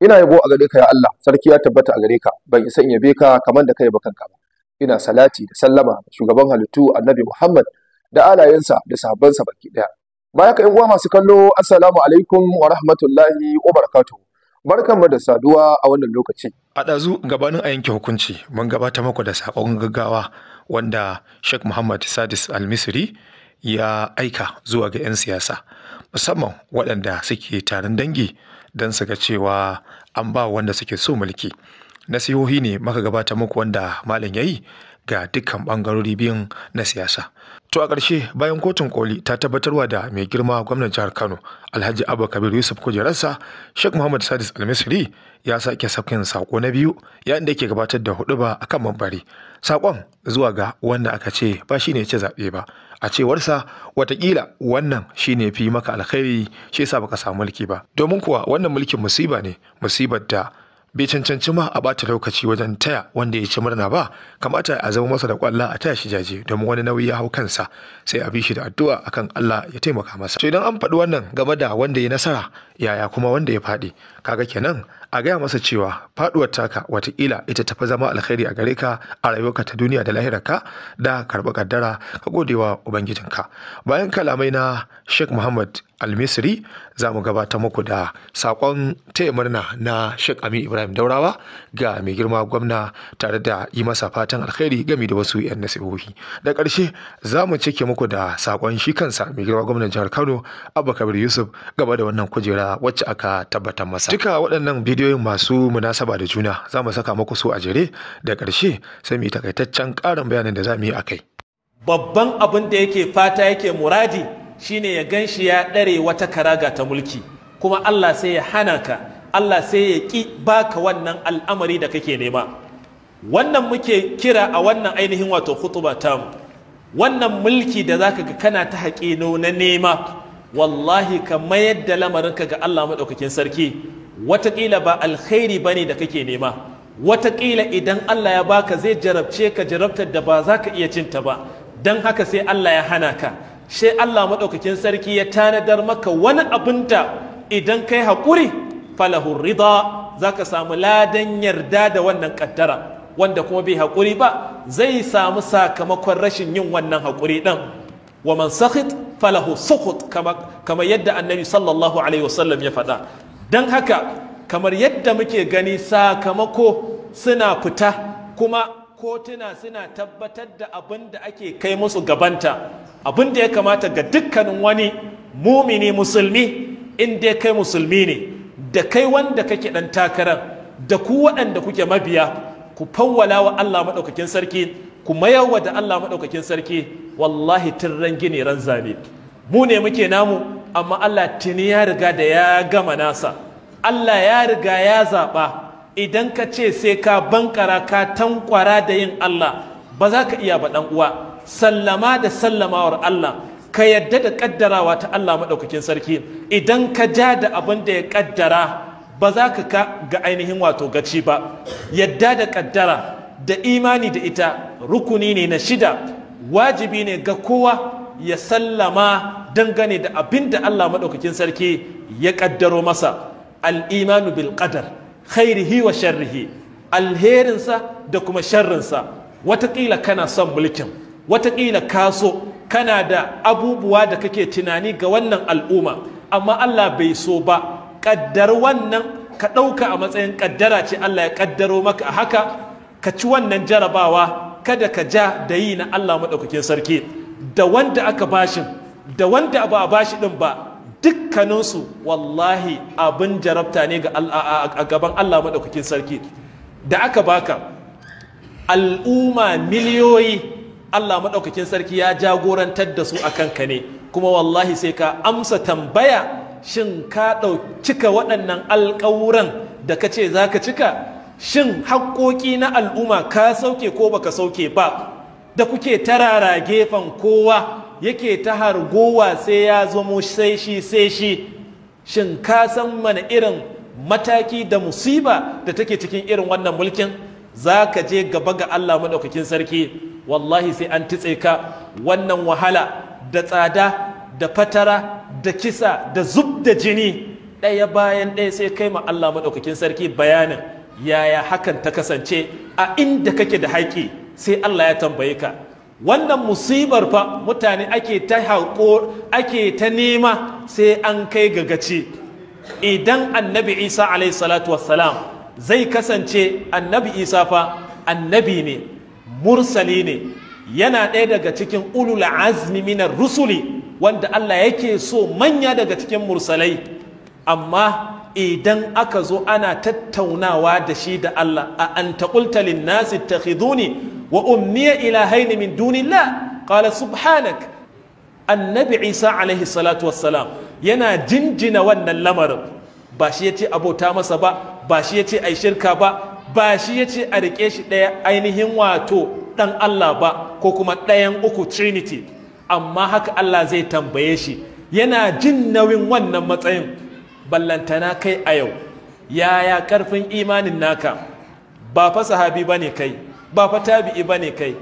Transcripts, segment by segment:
ina yabo a gare ka ya Allah sarki ya tabbata a gare ka ban isa in yabe ka kamar da kai ba kanka ba ina salati da sallama shugaban halittu annabi Muhammad da alayensa da sahabbansa baki daya baya ka yan uwa masu kallo assalamu alaikum wa rahmatullahi wa barakatuh barkanmu da saduwa a wannan lokaci a ɗazu gabanin a yanke hukunci mun gabata muku da sakon gaggawa wanda Sheikh Muhammad Sadis Al-Misri ya aika zuwa ga 'yan siyasa musamman waɗanda suke taron dangi don su ga cewa an ba wanda suke so mulki nasihohi ne maka gabata muku wanda malam ya yi ga dukkan bangarori biyun na siyasa to a ƙarshe bayan kotun koli ta tabbatarwa da mai girma gwamnan jihar kano alhaji abba kabir yusuf kujerarsa sheikh muhammad sadis almisri ya sake sakin sako na biyu yayin da yake gabatar da huɗuba akan mambari Saƙon, zuwa ga wanda aka ce ba shi ne ya ci zaɓe ba a cewarsa watakila wannan shine fi maka alkhairi shi yasa baka samu mulki ba domin kuwa wannan mulkin musiba ne musibar da bai cancanci ma a bata lokaci wajen taya wanda ya ci murna ba kamata a zama masa da kwallo a taya shi jaje domin wani nauyi ya hau kansa sai a bi shi da addu'a akan Allah ya taimaka masa to idan an faɗi wannan game da wanda ya nasara yaya kuma wanda ya faɗi kaga kenan a gaya masa cewa faduwar taka watakila ita tafi zama alkhairi a gare ka a rayuwarka ta duniya da lahirarka da karɓi kaddara ka godewa ubangijinka bayan kalamai na sheikh muhammad almisri za mu gabata muku da sakon taya murna na sheikh amin ibrahim daurawa ga mai girma gwamna tare da yi masa fatan alkhairi gami da wasu 'yan nasihohi da ƙarshe za mu cike muku da sakon shi kansa mai girma gwamna jihar kano abba kabir yusuf gaba da wannan kujera wacce aka tabbatar masa duka waɗannan bidiyo bidiyoyin masu munasaba da juna za mu saka muku su a jere da ƙarshe sai mu yi takaitaccen ƙarin bayanin da za mu yi a kai babban abin da yake fata yake muradi shine ya gan shi ya ɗare wata karaga ta mulki kuma Allah sai ya hana ka Allah sai ya ƙi baka wannan al'amari da kake nema wannan muke kira a wannan ainihin wato hutuba wannan mulki da zaka ga kana ta haƙino na nema wallahi ka mayar da lamarinka ga Allah maɗaukakin sarki wataƙila ba alkhairi ba ne da kake nema wataƙila idan Allah ya baka zai jarabce ka jarabtar da ba za ka iya cinta ba don haka sai Allah ya hana ka sai Allah maɗaukakin sarki ya tanadar maka wani abin da idan kai haƙuri falahun rida za ka samu ladan yarda da wannan ƙaddara wanda kuma bai haƙuri ba zai samu sakamakon rashin yin wannan haƙuri ɗin wa man sakhit falahu sukhut kamar yadda annabi sallallahu alaihi wasallam ya faɗa don haka kamar yadda muke gani sakamako suna fita kuma kotuna suna tabbatar da abin da ake kai musu gabanta abin da ya kamata ga dukkanin wani mumini musulmi in ya kai musulmi ne da kai wanda kake dan takarar da ku waɗanda kuke mabiya ku fawwala wa Allah maɗaukakin sarki ku mayarwa da Allah maɗaukakin sarki wallahi tun gini ran zane mu ne muke namu amma Allah tuni ya riga da ya gama nasa Allah ya riga ya zaɓa idan ka ce sai ka bankara ka tankwara da yin Allah ba za ka iya ba ɗan uwa sallama da sallamawar Allah ka yadda da ƙaddarawa ta Allah maɗaukakin sarki idan ka ja da abin da ya ƙaddara ba za ka ga ainihin wato gaci ba yadda da ƙaddara da imani da ita rukuni ne na shida wajibi ne ga kowa ya sallama dangane da abin da Allah maɗaukakin sarki ya ƙaddaro masa al'imanu bil ƙadar khairihi wa sharrihi alherinsa da kuma sharrinsa wataƙila kana son mulkin wataƙila kaso kana da abubuwa da kake tunani ga wannan al'umma amma Allah bai so ba ƙaddar wannan ka ɗauka a matsayin ƙaddara ce Allah ya ƙaddaro maka a haka ka ci wannan jarabawa kada ka ja da yi na Allah maɗaukakin sarki da wanda aka bashin da wanda ba a bashi din ba dukkaninsu wallahi abin jarabta ne ga gaban Allah maɗaukakin sarki da aka baka al'umma miliyoyi Allah maɗaukakin sarki ya jagorantar da su a kanka ne kuma wallahi sai ka amsa tambaya shin ka ɗau cika waɗannan alƙawuran da ka ce za ka cika shin haƙoƙi na al'umma ka sauke ko baka sauke ba da kuke tarara gefen kowa yake ta hargowa sai ya zamo sai shi sai shi shin ka san mana irin mataki da musiba da take cikin irin wannan mulkin za ka je gaba ga Allah maɗaukakin sarki wallahi sai an titse ka wannan wahala da tsada da fatara da kisa da zub da jini ɗaya bayan ɗaya sai kai ma Allah maɗaukakin sarki bayanin yaya hakan ta kasance a inda kake da haƙi sai Allah ya tambaye ka wannan musibar fa mutane ake ta haƙo ake ta nema sai an kai gagaci. idan annabi isa alaihi salatu wassalam zai kasance annabi isa fa annabi ne mursali ne yana ɗaya daga cikin ulul azmi minar rusuli wanda Allah yake so manya daga cikin mursalai amma idan aka zo ana tattaunawa da shi da Allah a an lin nasi takhiduni wa ummiya ilahaini min dunillah qala subhanak annabi isa alaihi salatu wassalam yana jinjina wannan lamarin ba shi ya ce abota masa ba ba shi ya ce ai shirka ba ba shi ya ce a riƙe shi ɗaya ainihin wato ɗan Allah ba ko kuma ɗayan uku trinity amma haka Allah zai tambaye shi yana jin nauyin wannan matsayin ballantana kai a yau yaya ƙarfin imanin naka ba fa sahabi ne kai ba fa tabi'i bane kai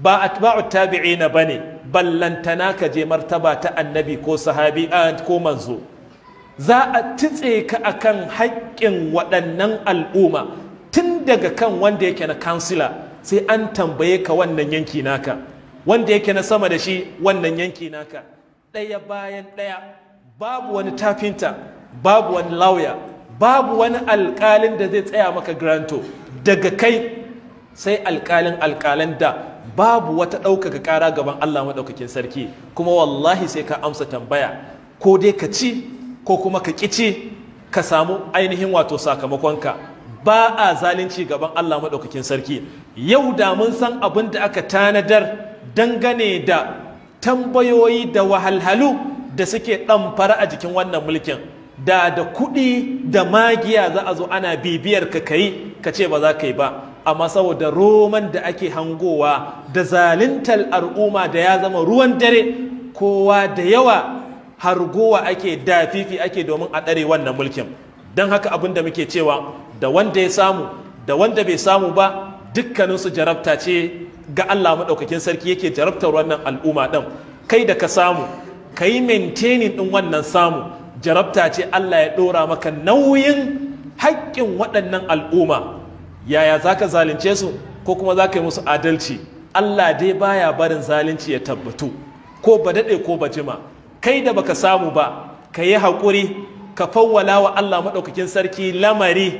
ba atba'u tabi'ina bane ballantana ka je martaba ta annabi ko sahabi ko manzo za a titse ka akan haƙƙin waɗannan al'umma tun daga kan wanda yake na kansila sai an tambaye ka wannan yanki naka wanda yake na sama da shi wannan yanki naka ɗaya bayan ɗaya babu wani tafinta babu wani lauya babu wani alƙalin da zai tsaya maka granto daga kai sai alƙalin alƙalan da babu wata ɗaukaka ƙara gaban Allah maɗaukakin sarki kuma wallahi sai ka amsa tambaya ko dai ka ci ko kuma ka ƙi ci, ka samu ainihin wato sakamakonka ba a zalunci gaban Allah maɗaukakin sarki yau da mun san abin da aka tanadar dangane da tambayoyi da wahalhalu da suke ɗamfara a jikin wannan mulkin da da kuɗi da magiya za a zo ana bibiyar ka kayi ka ce ba za ka yi ba amma saboda roman da ake hangowa da zalintar al'umma da ya zama ruwan dare kowa da yawa hargowa ake dafifi ake domin a ɗare wannan mulkin don haka abin da muke cewa da wanda ya samu da wanda bai samu ba dukkaninsu jarabta ce ga Allah maɗaukakin sarki yake jarabtar wannan al'umma ɗin kai da ka samu ka yi maintaining ɗin wannan samu jarabta ce Allah ya ɗora maka nauyin haƙƙin waɗannan al'umma yaya za ka zalunce su ko kuma za ka yi musu adalci allah dai baya barin zalunci ya tabbatu ko ba daɗe ko ba jima kai da baka samu ba ka yi haƙuri ka fawwala wa allah maɗaukakin sarki lamari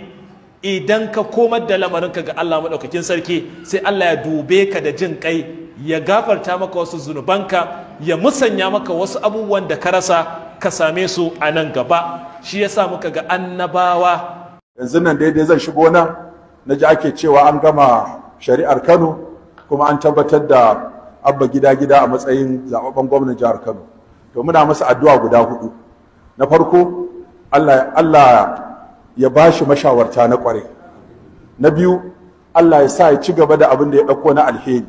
idan ka komar da lamarin ka ga allah maɗaukakin sarki sai allah ya dube ka da jin kai ya gafarta maka wasu zunubanka ya musanya maka wasu abubuwan da ka rasa ka same su a nan gaba shi ya sa muka ga annabawa yanzu nan daidai zan shigo nan na ji ake cewa an gama shari'ar kano kuma an tabbatar da abba gida gida a matsayin zaɓaɓɓen gwamnan jihar kano to muna masa addu'a guda hudu na farko allah, allah ya bashi shi mashawarta na kwarai na biyu allah ya sa ya ci gaba da abin da ya ɗauko na alheri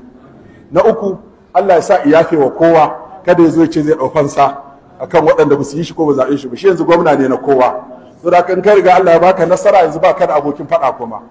na uku allah ya sa ya wa kowa kada ya zo ya ce zai fansa akan waɗanda ba su yi shi ko ba zaɓe shi ba shi yanzu gwamna ne na kowa saboda kan ka riga allah ya baka nasara yanzu ba ka da abokin faɗa kuma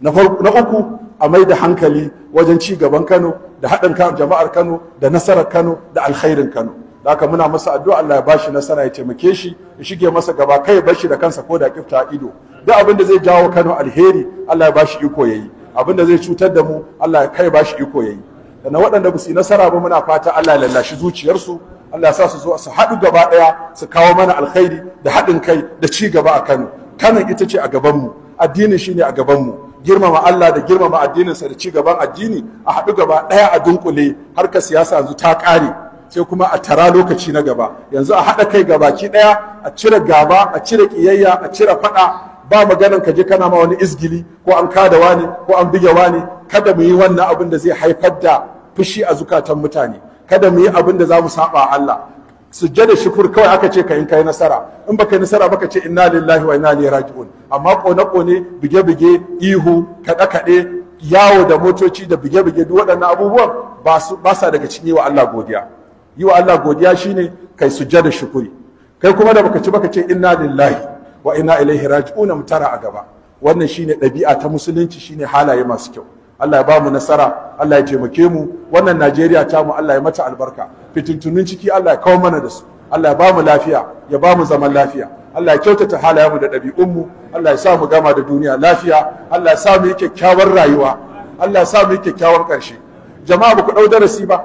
na uku a mai da hankali wajen ci gaban kano da haɗin jama'ar kano da nasarar kano da alkhairin kano da haka muna masa addu'a Allah ya bashi nasara ya taimake shi ya shige masa gaba kai bashi da kansa ko da kifta ido duk abin da zai jawo kano alheri Allah ya bashi iko yayi abin da zai cutar da mu Allah ya kai bashi iko yayi da na waɗanda ba su yi nasara ba muna fata Allah ya lallashi zuciyarsu Allah ya sa su zo su haɗu gaba ɗaya su kawo mana alkhairi da haɗin kai da ci gaba a Kano Kanan ita ce a gabanmu addinin shi ne a gabanmu girmama Allah da girmama addininsa da ci gaban addini a haɗu gaba ɗaya a dunkule harkar siyasa yanzu ta ƙare sai kuma a tara lokaci na gaba yanzu a haɗa kai gabaki ɗaya a cire gaba a cire ƙiyayya a cire faɗa ba maganan ka je kana ma wani izgili ko an kada wani ko an bige wani kada mu yi wannan abin da zai haifar da fushi a zukatan mutane kada mu yi abin da za mu saba Allah sujjada shukur kawai aka ce ka yi kai nasara in baka yi nasara baka ce inna lillahi wa inna ilaihi raji'un amma kone kone bige bige ihu kada kade yawo da motoci da bige bige duk waɗannan abubuwan ba sa daga cikin yi wa Allah godiya yi wa Allah godiya shine kai sujjada shukuri kai kuma da baka ci baka ce inna lillahi wa inna ilaihi raji'un mutara a gaba wannan shine ɗabi'a ta musulunci shine halaye masu kyau Allah ya ba mu nasara Allah ya taimake mu wannan Najeriya ta mu Allah ya mata albarka fitintunun ciki Allah ya kawo mana da su Allah ya ba mu lafiya ya ba mu zaman lafiya Allah ya kyautata mu da mu Allah ya sa mu gama da duniya lafiya Allah ya sa mu yi kyakkyawar rayuwa Allah ya sa mu yi kyakkyawan ƙarshe jama'a ba ku ɗau darasi ba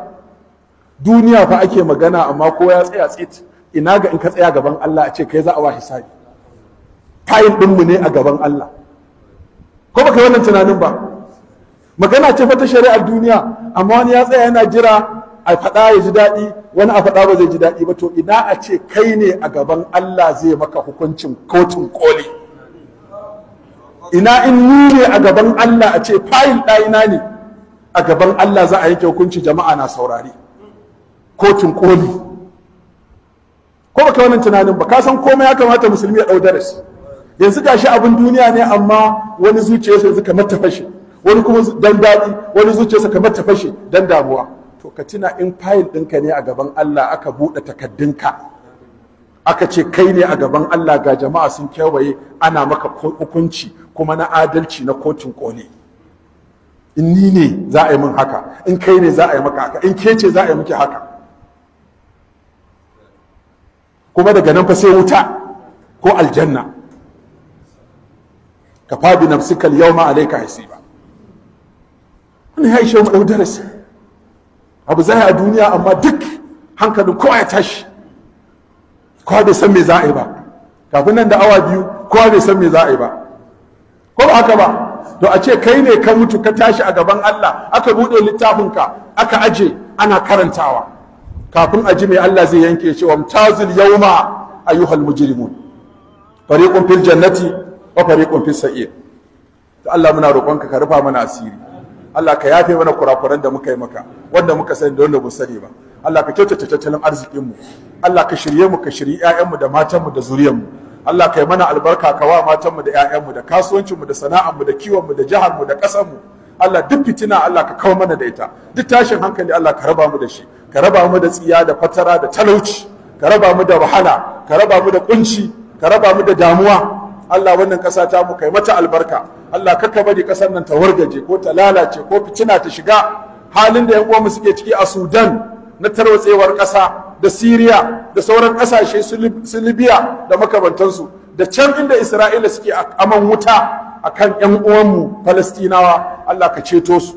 duniya fa ake magana amma kowa ya tsaya tsit ina ga in ka tsaya gaban Allah a ce kai za a wa hisabi tayin ɗinmu ne a gaban Allah ko baka yi wannan tunanin ba magana ce fa ta shari'ar duniya amma wani ya tsaya yana jira a faɗa ya ji daɗi wani a faɗa ba zai ji daɗi ba to ina a ce kai ne a gaban Allah zai maka hukuncin kotun koli ina in ni ne a gaban Allah a ce fayil ɗayina ne a gaban Allah za a yanke hukunci jama'a na saurari kotun koli ko baka wannan tunanin ba ka san komai ya kamata musulmi ya ɗau darasi yanzu gashi abin duniya ne amma wani zuciyarsa yanzu kamar ta fashe wani kuma dan daɗi wani zuciyarsa kamar ta fashe dan damuwa to ka tuna in fayil ɗinka ne a gaban Allah aka buɗe takaddunka aka ce kai ne a gaban Allah ga jama'a sun kewaye ana maka hukunci kuma na adalci na kotun koli in ni ne za a yi min haka in kai ne za a yi maka haka in ke ce za a yi miki haka kuma daga nan fa sai wuta ko aljanna ka fadi nafsikal yawma alayka hasiba wani ya ishe wani ɗau darasi abu zai a duniya amma duk hankalin kowa ya tashi kowa bai san me za a yi ba kafin nan da awa biyu kowa bai san me za a yi ba ko ba haka ba to a ce kai ne ka mutu ka tashi a gaban Allah aka buɗe littafinka aka aje ana karantawa kafin a ji mai Allah zai yanke shi wa mutazil yawma ayyuhal mujrimun fariqun fil jannati wa fariqun fis sa'ir to Allah muna roƙonka ka rufa mana asiri Allah ka yafe mana kurakuran da muka yi maka wanda muka sani da wanda ba sani ba Allah ka kyautata tattalin arzikin mu Allah ka shirye mu ka shirye ƴaƴan mu da matan mu da zuriyan mu Allah ka yi mana albarka ka wa matan mu da ƴaƴan mu da kasuwancin mu da sana'ar mu da kiwon mu da jihar mu da ƙasar mu Allah duk fitina Allah ka kawo mana da ita duk tashin hankali Allah ka raba mu da shi ka raba mu da tsiya da fatara da talauci ka raba mu da wahala ka raba mu da kunci ka raba mu da damuwa Allah wannan ƙasa ta mu kai mata albarka Allah kaka bari kasar nan ta wargaje ko ta lalace ko fitina ta shiga halin da yan uwanmu suke ciki a Sudan na tarwatsewar ƙasa da Siriya da sauran ƙasashe su Libya da makamantansu da can inda Isra'ila suke aman wuta akan yan uwanmu Falastinawa Allah ka ceto su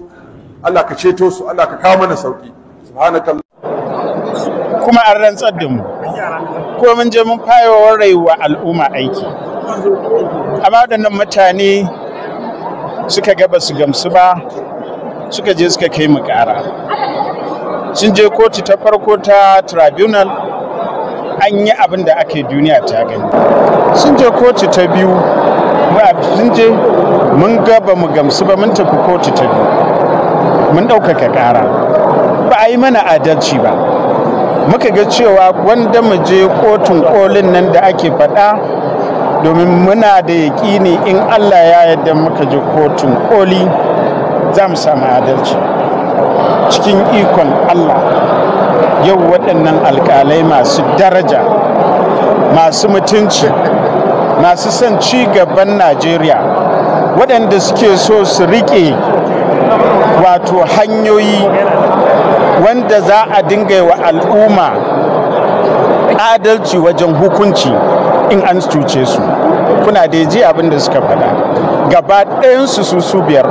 Allah ka ceto su Allah ka kawo mana sauki kuma an rantsar da mu ko mun je mun fayawa rayuwa al'umma aiki amma waɗannan mutane suka gaba su gamsu ba suka je suka kai mu ƙara sun je kotu ta farko ta tribunal an yi abin da ake duniya ta gani sun je kotu ta biyu sun je mun gaba mu gamsu ba mun tafi kotu ta biyu mun ɗaukaka ƙara ba a yi mana adalci ba muka ga cewa wanda mu je kotun kolin nan da ake faɗa domin muna da yaƙini in allah ya yadda muka ji kotun koli za mu samu adalci cikin ikon allah yau waɗannan alƙalai masu daraja masu mutunci masu son ci gaban najeriya waɗanda suke so su riƙe wato hanyoyi wanda za a dinga wa al'umma adalci wajen hukunci in an cuce su kuna da ji abin da suka faɗa gaba ɗayansu su su biyar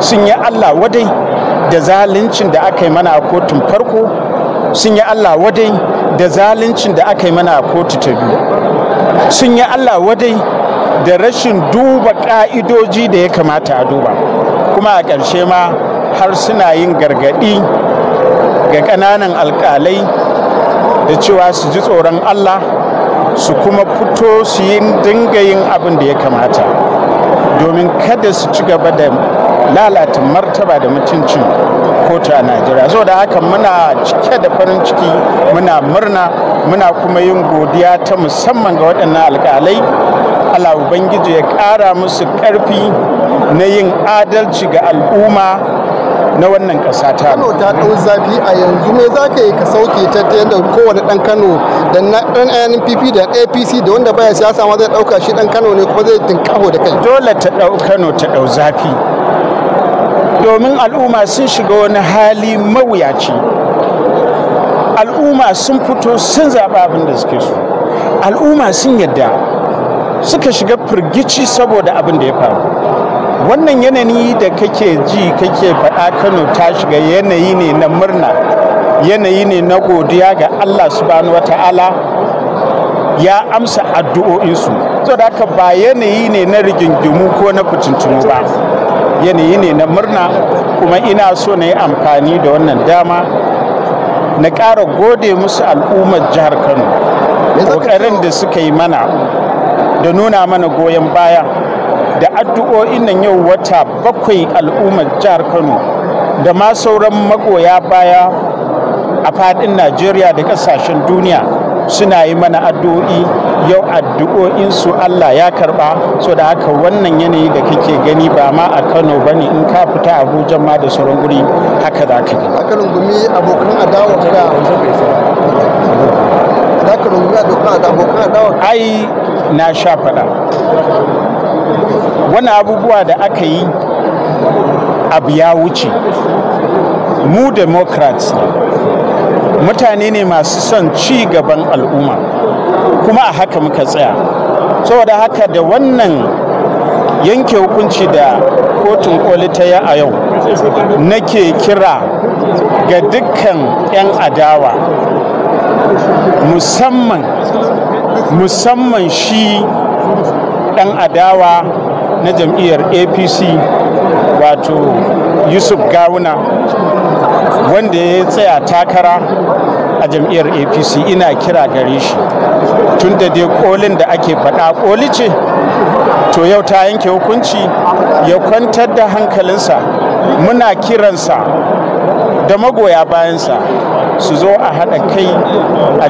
sun yi allah wadai da zaluncin da aka yi mana a kotun farko sun yi allah wadai da zaluncin da aka yi mana a kotu ta biyu sun yi allah wadai da rashin duba ƙa'idoji da ya kamata a duba kuma a ƙarshe ma har suna yin gargaɗi ga ƙananan alƙalai da cewa su ji tsoron allah su kuma fito su yi dinga yin abin da ya kamata domin kada su ci gaba da lalata martaba da mutuncin kotu a najeriya zo da haka muna cike da farin ciki muna murna muna kuma yin godiya ta musamman ga waɗannan alƙalai ala ubangiji ya ƙara musu ƙarfi na yin adalci ga al'umma na wannan kasa ta Kano ta ɗau zafi a yanzu me za ka yi ka sauke ta ta yadda kowane ɗan Kano da ɗan NPP da APC da wanda baya siyasa ma zai ɗauka shi ɗan Kano ne kuma zai tinkaho da kai. Dole ta dau Kano ta ɗau zafi domin al'umma sun shiga wani hali mawuyaci al'umma sun fito sun zaba abin da suke so al'umma sun yadda suka shiga firgici saboda abin da ya faru wannan yanayi da kake ji kake faɗa kano ta shiga yanayi ne na murna yanayi ne na godiya ga allah subhanahu wa ta'ala ya amsa addu'o'insu to da haka ba yanayi ne na rigingimu ko na fitintunu ba yanayi ne na murna kuma ina so na yi amfani da wannan dama na ƙara gode musu al'ummar jihar kano ƙoƙarin da suka yi mana da nuna mana goyon baya da addu'o'in nan yau wata bakwai al'ummar jihar kano da ma sauran magoya baya a fadin najeriya da kasashen duniya suna yi mana addu'o'i yau addu'o'insu allah ya karba so da haka wannan yanayi da kake gani ba ma a kano ba ne in ka fita abuja ma da sauran guri haka za ka yi abokan adawa ai na sha faɗa wani abubuwa da aka yi abu ya wuce mu democrats mutane ne masu son ci gaban al'umma kuma a haka muka tsaya saboda haka da wannan yanke hukunci da kotun koli ta a yau nake kira ga dukkan 'yan adawa musamman musamman shi Dan adawa na jam'iyyar apc wato yusuf gawuna wanda ya tsaya takara a jam'iyyar apc ina kira gare shi tun da dai kolin da ake faɗa koli ce to yau ta yanke hukunci ya kwantar da hankalinsa muna kiransa da magoya bayansa su zo a haɗa kai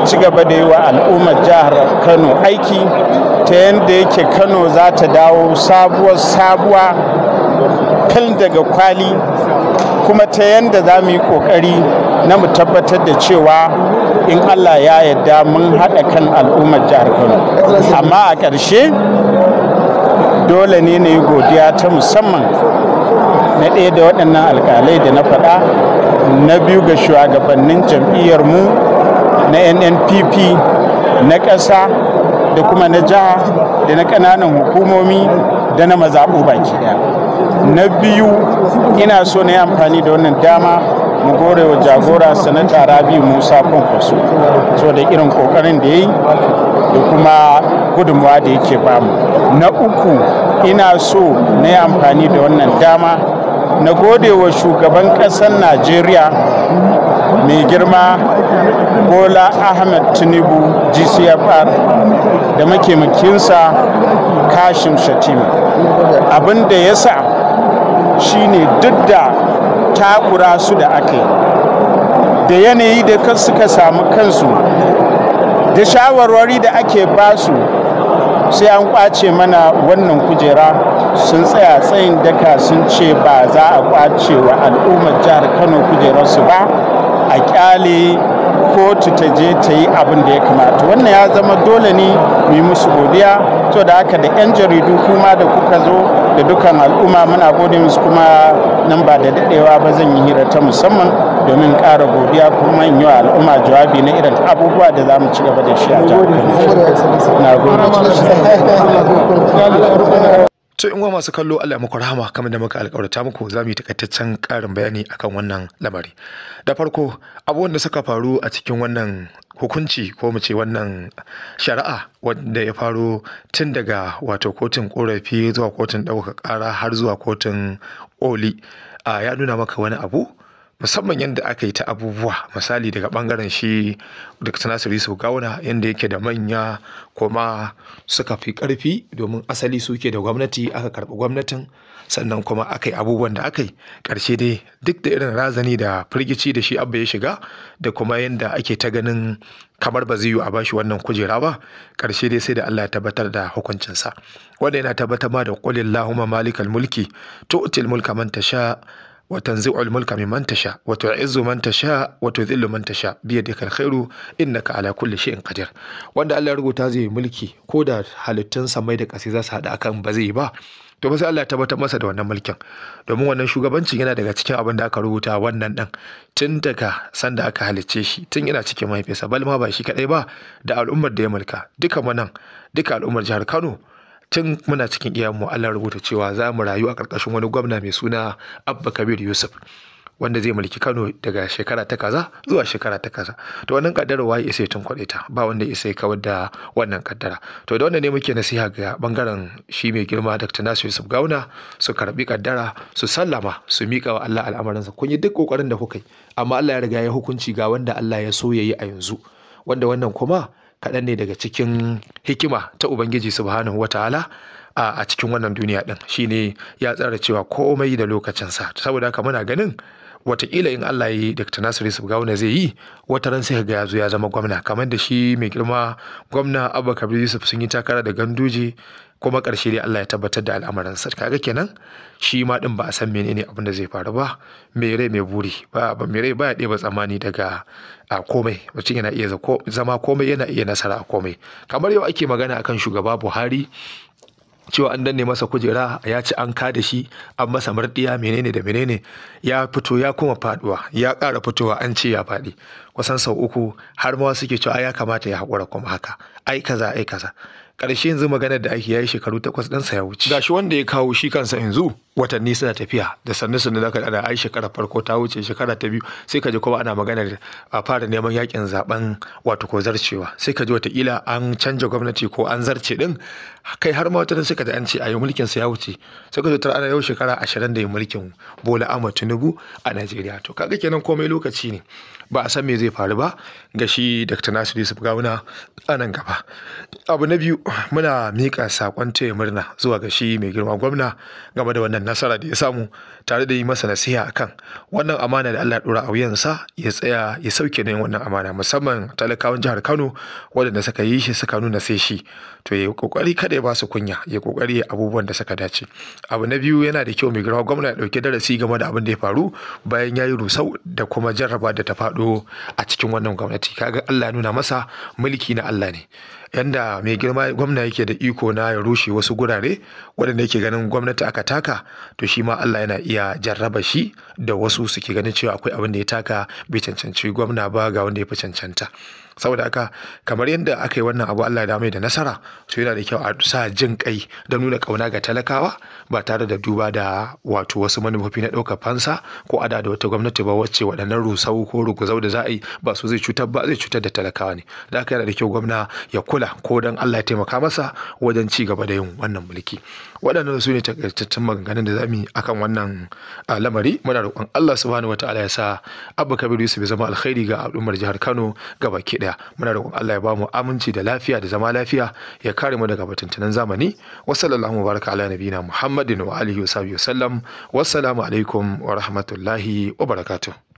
a ci gaba da yi wa al'ummar jihar kano aiki ta yadda yake kano za ta dawo sabuwar sabuwa fil daga kwali kuma ta yadda za mu yi ƙoƙari na mu tabbatar da cewa in allah ya yadda mun haɗa kan al'ummar jihar kano amma a ƙarshe dole ne na yi godiya ta musamman na ɗaya da waɗannan alƙalai da na faɗa na biyu ga shugabannin jam'iyyarmu na nnpp na ƙasa da kuma na jiha da na ƙananan hukumomi da na mazaɓu baki ɗaya na biyu ina so na yi amfani da wannan dama mu gore wa jagora sanata rabi musa kwankwaso so da irin ƙoƙarin da ya yi da kuma gudunmawa da yake bamu na uku ina so na yi amfani da wannan dama na gode wa shugaban ƙasar najeriya mai girma bola ahmed tinubu gcfr da makemakinsa kashim shatima abin da ya sa shi ne duk da takura su da aka da yanayi da suka samu kansu da shawarwari da ake basu sai an kwace mana wannan kujera sun tsaya tsayin daka sun ce ba za a kwace wa al'ummar jihar kano kujerarsu ba a kyale kotu ta je ta yi abin da ya kamata wannan ya zama dole ne mu musu godiya to da haka da 'yan jaridu kuma da kuka zo da dukkan al'umma muna gode musu kuma nan ba da dadewa ba zan yi hira ta musamman domin ƙara godiya kuma in yi al'umma jawabi na irin abubuwa da za mu ci gaba da shi a jami'a. To in masu kallo Allah muku rahama kamar da muka alƙawarta muku za mu yi takaitaccen ƙarin bayani akan wannan lamari. Da farko abubuwan da suka faru a cikin wannan hukunci ko mu ce wannan shari'a wanda ya faru tun daga wato kotun ƙorafi zuwa kotun ɗaukaka ƙara har zuwa kotun ƙoli ya nuna maka wani abu musamman yadda aka yi ta abubuwa misali daga bangaren shi Dr. Nasiru Yusuf Gawuna yadda yake da manya kuma suka fi ƙarfi domin asali suke da gwamnati aka karɓi gwamnatin sannan kuma aka yi abubuwan da aka yi ƙarshe dai duk da irin razani da firgici da shi abba ya shiga da kuma yadda ake ta ganin kamar ba zai yi a bashi wannan kujera ba ƙarshe dai sai da Allah ya tabbatar da hukuncinsa wanda yana tabbatar ma da qulillahumma malikal mulki tu'til mulka manta sha. وتنزع الملك ممن تشاء وتعز من تشاء وتذل من تشاء بيدك الخير انك على كل شيء قدير wanda Allah ya rubuta zai yi mulki ko da halittun samai da ƙasa za su akan ba zai ba to ba sai Allah ya tabbatar masa da wannan mulkin domin wannan shugabancin yana daga cikin abin da aka rubuta wannan dan tun daga sanda aka halicce shi tun yana cikin mahaifinsa bal ba shi kaɗai ba da al'ummar da ya mulka duka manan duka al'ummar jihar Kano tun muna cikin iya Allah rubuta cewa za mu rayu a ƙarƙashin wani gwamna mai suna Abba Kabir Yusuf wanda zai mulki Kano daga shekara ta kaza zuwa shekara ta kaza to wannan kaddara wai isa tun kwade ta ba wanda isa kawar da wannan kaddara to da wannan ne muke nasiha ga bangaren shi mai girma Dr. nasu Yusuf Gauna su karbi kaddara su sallama su mika wa Allah al'amuransa kun yi duk kokarin da kuka yi amma Allah ya riga ya hukunci ga wanda Allah ya so ya yi a yanzu wanda wannan kuma kaɗan ne daga cikin hikima ta ubangiji subhanahu ta'ala a cikin wannan duniya ɗin shine ya tsara cewa komai da lokacinsa saboda haka muna ganin wataƙila in Allah ya yi Dr. Nasiru Yusuf Gawuna zai yi wata ran sai ga ya zo ya zama gwamna kamar da shi mai girma gwamna Abba Kabir Yusuf sun yi takara da Ganduje kuma ƙarshe dai Allah ya tabbatar da al'amarin sa kaga kenan shi ma din ba a san menene abin da zai faru ba mai rai mai buri ba mai rai ba ya ɗeba tsammani daga a komai mutum yana iya zama komai yana iya nasara a komai kamar yau ake magana akan shugaba Buhari cewa an danne masa kujera ya ci an da shi an masa murdiya menene da menene ya fito ya kuma faduwa ya ƙara fitowa an ce ya faɗi kusan sau uku har ma suke cewa ya kamata ya haƙura kuma haka ai kaza ai kaza ƙarshe yanzu maganar da ake yayi shekaru takwas ɗansa ya wuce gashi wanda ya kawo shi kansa yanzu watanni suna tafiya da sannu sannu zaka ana ai shekara farko ta wuce shekara ta biyu sai ka ji kuma ana maganar a fara neman yakin zaben wato ko zarcewa sai ka ji watakila an canja gwamnati ko an zarce ɗin. kai har ma wata sai ka ji an ce a yi mulkin sa ya wuce sai ka zo ana yau shekara ashirin da yi mulkin Bola Ahmad Tinubu a Najeriya to kaga kenan komai lokaci ne ba a san me zai faru ba ga shi Dr. Nasiru Yusuf Gawuna a nan gaba. Abu na biyu muna miƙa saƙon taya murna zuwa ga shi mai girma gwamna game da wannan nasara da ya samu tare da yi masa nasiha kan. wannan amana da Allah ɗora a wuyansa ya tsaya ya sauke yin wannan amana musamman talakawan jihar Kano waɗanda suka yi shi suka nuna sai shi to ya kokari kada ya ba su kunya ya kokari abubuwan da suka dace. Abu na biyu yana da kyau mai girma gwamna ya ɗauki darasi game da abin da ya faru bayan ya yi rusau da kuma jarraba da ta faɗo faɗo a cikin wannan gwamnati kaga Allah nuna masa mulki na Allah ne yanda mai girma gwamna yake da iko na ya rushe wasu gurare waɗanda yake ganin gwamnati aka taka to shi ma Allah yana iya jarraba shi da wasu suke ganin cewa akwai abin da ya taka bai cancanci gwamna ba ga wanda ya fi cancanta saboda haka kamar yadda aka yi wannan abu Allah ya mai da nasara to yana da kyau a sa jin kai da nuna kauna ga talakawa ba tare da duba da wato wasu manufofi na ɗaukar fansa ko ada da wata gwamnati ba wacce waɗannan rusau ko ruguzau da za a yi ba su zai cutar ba zai cutar da talakawa ne da haka yana da kyau gwamna ya kula ko dan Allah ya taimaka masa wajen ci gaba da yin wannan mulki waɗannan su ne takaitattun maganganun da za mu yi akan wannan lamari muna roƙon Allah subhanahu wataala ya sa Abba Kabiru Yusuf ya zama alkhairi ga al'ummar jihar Kano gaba ki daya muna roƙon Allah ya bamu aminci da lafiya da zama lafiya ya kare mu daga batuntunan zamani wa sallallahu baraka ala nabiyina Muhammadin wa alihi wa sahbihi wa sallam wassalamu alaikum wa rahmatullahi wa barakatuh